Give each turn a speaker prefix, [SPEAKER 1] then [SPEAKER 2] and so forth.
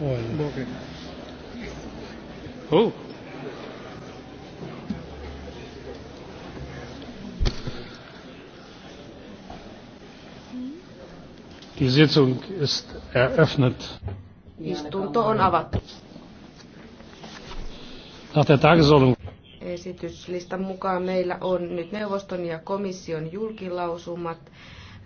[SPEAKER 1] oil. Okay. Oh.
[SPEAKER 2] Die Sitzung ist eröffnet.
[SPEAKER 3] Istunto
[SPEAKER 4] on
[SPEAKER 5] avattu.
[SPEAKER 2] Nach der Tagesordnung.
[SPEAKER 6] Esityslistan mukaan meillä on nyt neuvoston ja komission julkilausumat.